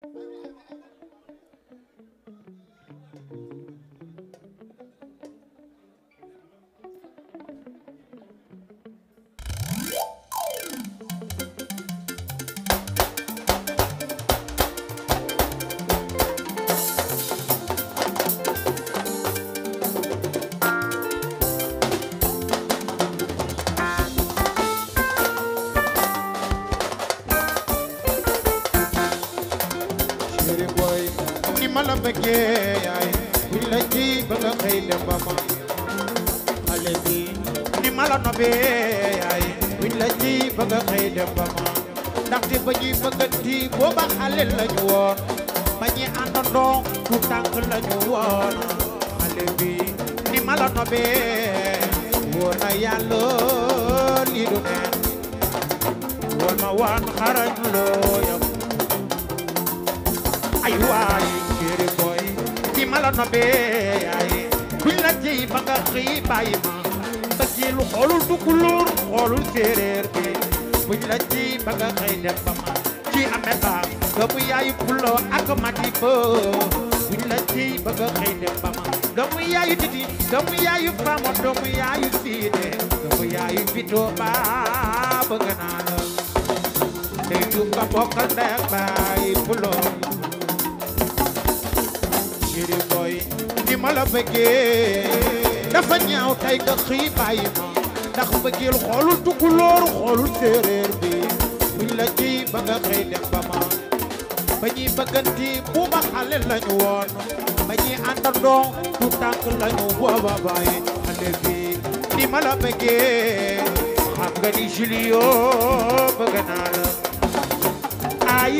Thank you. bëggee yaay la ji ba nga ma xale bi ni ma la nobee yaay la ji ba nga ma ndaxte ba ñuy bëgganti booba xale lañu woon ba ñuy àndandoo du tànk lañu woon xale bi ni ma la nobee wóor na yàlla lii du neen wóor ma waan xarañ loo yam la nobee yaaye kuñ la jëy ba nga xëy bàyyi ma sa jilu xoolul tukulóor xoolul séeréer bi kuñ la jëy ba nga xëy dem ba ma a ame ba doomu yaayu pulo ak mati ba kuñ la jëy ba nga xëy dem ba ma doomu yaayu titi doomu yaayu famo doomu yaayu siine doomu yaayu bitoo ba bëgg naa la tey du nga bokkal ndey baay pulo jëri boy di ma la bëggee dafa ñaaw tey nga xii bàyyi ma ndax mbëggeel xoolul tukulóor xoolul bi buñ la ciy ba nga ba ma ba ñuy bëgganti bu ma xale lañu woon ba ñuy àndandoo tu tànk lañu booba baay xale bi di ma la bëggee xam nga ni Julio bëgg naa la ay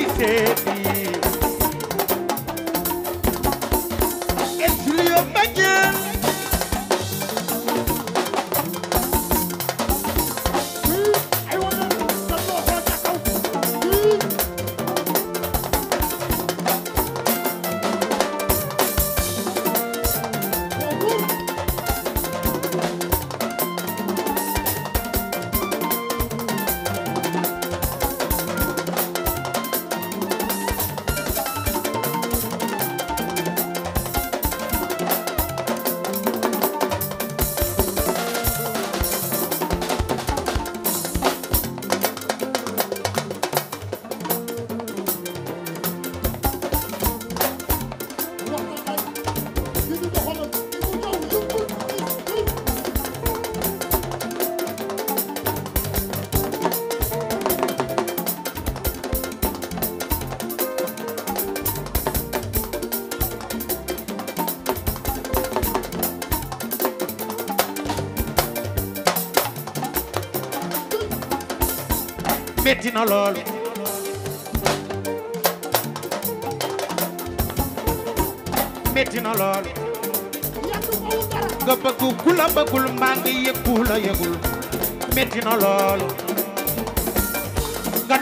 metti na lool nga bëgg ku la bëggul mbaa nga yëg ku la yëgul metti nga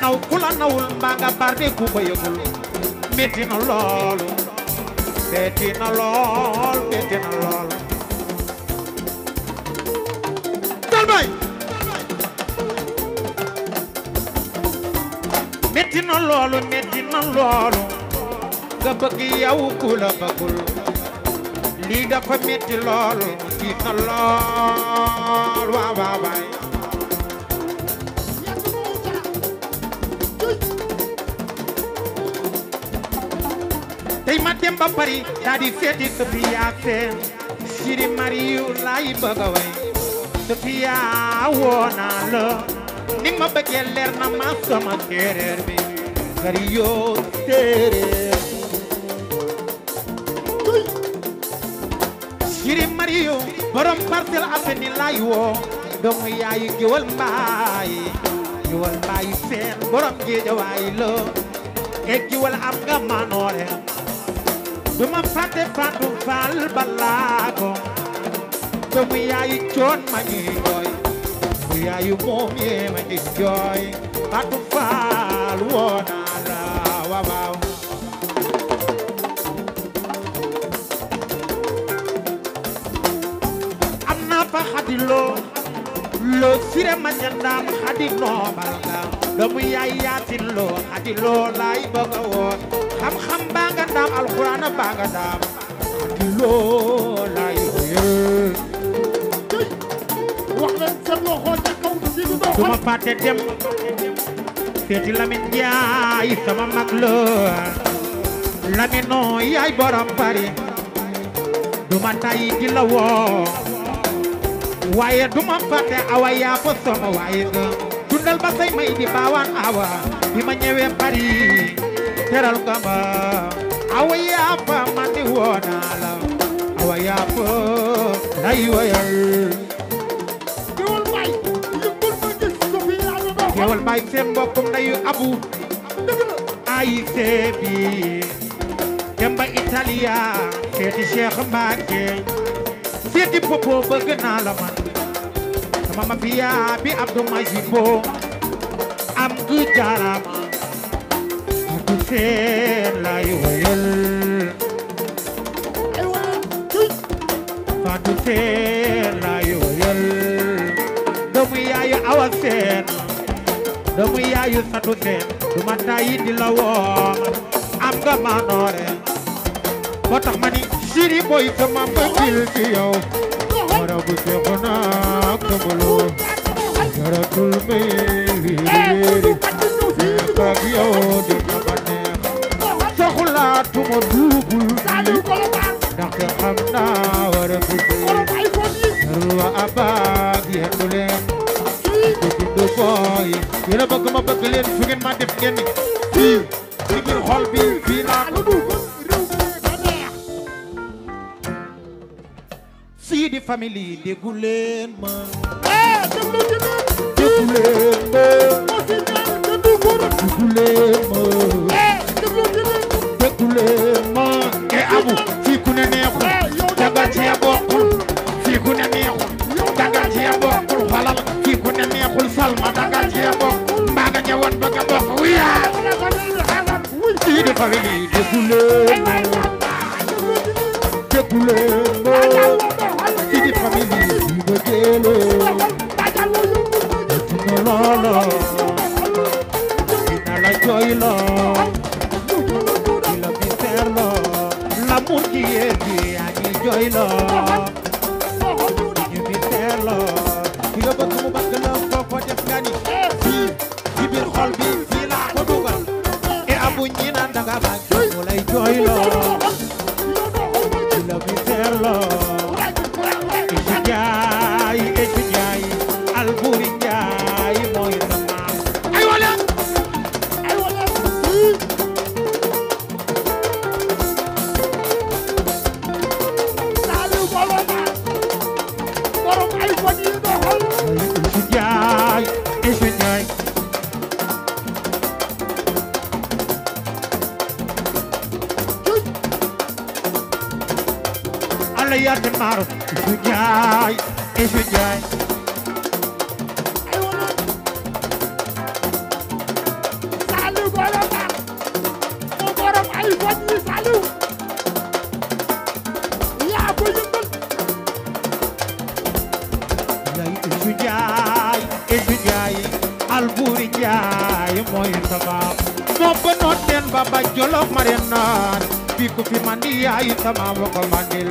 naw ku nawul mbaa nga barde ku ko yëgul metti na lool metti na lool metti metti loolu metti loolu nga bëgg yow ku la bëggul lii dafa metti loolu metti na lool waaw waaw tey ma ba Paris daa di seeti Sophia Sène Siri Mariou laay way Sophia ah, woo naa la ni ma bëggee leer na ma sama téeréer bi kari yoo téeréer Siri Mario borom Parcelles Assainies laay woo doomu yaayu géwal mbaay géwal mbaay seen borom géejawaay la e géwal am nga manoore duma fàtte Fatou Fall balaa ko doomu yaayu coon ma ñuy gooy yaayu moom yee ma di jooy Fatou Fall woo naa la waaw waaw am naa fa xadi loo loo sire ma jandaam xadi noomal nga doomu yaay yaasin loo xadi loo laay bëgg a woon xam-xam baa nga daam alxuraan baa nga daam xadi loo laay yee wax leen seen loxo ca kaw si du doxal duma fàtte dem seeti Lamin Njaay sama mag la Laminoo yaay borom Paris duma tàyyi di la woo waaye duma fàtte awa yaa fa sama waaye nga dundal ba say may di baawaan awa bi ma ñëwee Paris teral nga ma awa yaa man di woo la awa yaa lay wayal ñëwal bàyyi seen mbokkum ndeyu abu ayisee bi dem ba Italia seeti Cheikh Mbacke seeti popo bëgg naa la man sama mafia bi Abdou Majibo am gu jarama ak seen lay wayal Fatou seen lay wayal doomu yaayu awa doomu yaayu satu teen du ma tàyyi di la woo am nga manoore moo tax ma ni siri mooy sama mbëggil ci yow mara bu seexu naa këmuloo jaratul may riiri eh, riiri ak yow di ma def ngeen ni fii ci biir xol bi fii laa ko dugg réew mi ba neex Sidi Family déggu leen ma eh déglu ci déggu leen ma déggu leen ma leen ma déglu leen ma ci di famille bi nga jëlee déglu loola bu ñi naan danga mag mu lay jooy a di la bi a loo i ci jaay yàgg naaru isu njaay isu njaay saaliw goole maar mu borom ay foot yi saaliw yaa ko yëngal lay isu njaay isu njaay albuuri njaay mooy sabab moo ba noon teen ba ba jolof ma reen naan bi ku fi mandi yaayu sama woko mandil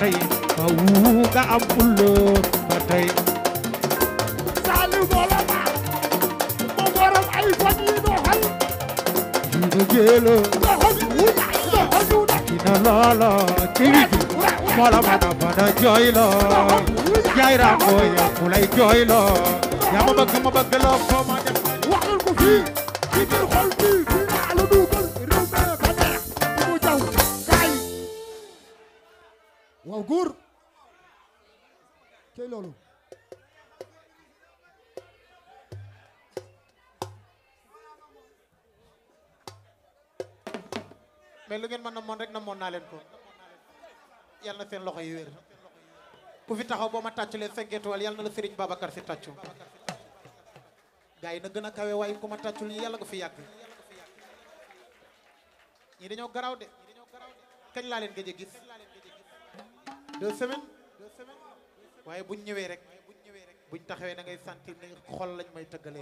tey fa wu nga am fulla ba tey Saliou Mawla ma moo waral ay fan yi doxal yi nga jëla doxal ina ma na jooyla yaay raam ku lay jooyla yaa ma bëgg ma bëgg loo ko ma def waxal ko kaw guur tey loolu mais lu ngeen mën na moon rek na moon naa leen ko yàlla na seen loxo yi wér ku fi taxaw boo ma tàcculee cinq étoiles yàlla na la Serigne Babacar si tàccu gars yi na gën a kawe waaye ku ma tàccul yàlla nga fi yàgg ñii dañoo garaaw de kañ laa leen gëj gis deux semaines waaye buñ ñëwee rek buñ taxawee da ngay sentir ne xol lañ may tëggalee